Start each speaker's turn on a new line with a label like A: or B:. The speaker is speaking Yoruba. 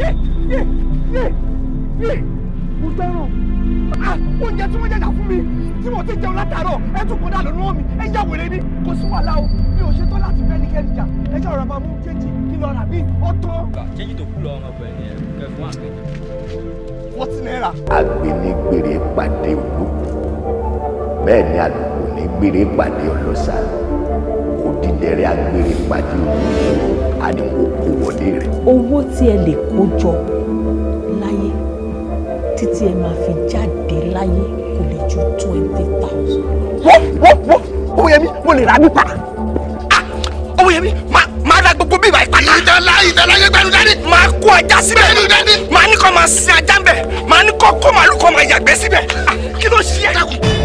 A: mo fẹ́ràn oúnjẹ tí wọ́n jẹjà fún mi tí mo ti jẹun látàárọ̀ ẹ tún kọ́dà lọ́nà mi ẹ yà wèrè ni kò sí wàhálà o mi ò ṣetán láti fẹ́ nìkẹ́ni jà ẹ jẹ́ ọ̀rọ̀ àbámú kéjì kí lọ rà bí ọ̀tọ̀. kéjì
B: tó kú lọ ọmọbìnrin yẹn kẹ fún àgbẹ̀jọ. wọ́n ti náírà. agbẹnigbèrè pàdé olóko bẹ́ẹ̀ ni àlùkò ní gbèrè pàdé ọlọ́sà òdìdẹ̀rẹ̀ agbèrè pàdé olóko àdìmọ́ owó tí ẹ lè kó jọ láyé títí ẹ máa fi jáde láyé kò lè ju
A: twenty thousand. wọ́n wọ́n wọ́n owó yẹn mi mo lè ra mi pa ah, owó yẹn mi máa máa ra gbogbo bíbá ìpàdé. ìdálá ìdálá yẹn gbẹnu dání. máa kó ajá síbẹ̀. gbẹnu dání. máa ní kó máa sin ajá ń bẹ̀ máa ní kó kó màálù kó máa yàgbẹ́ síbẹ̀ ah, kí ló ṣe é.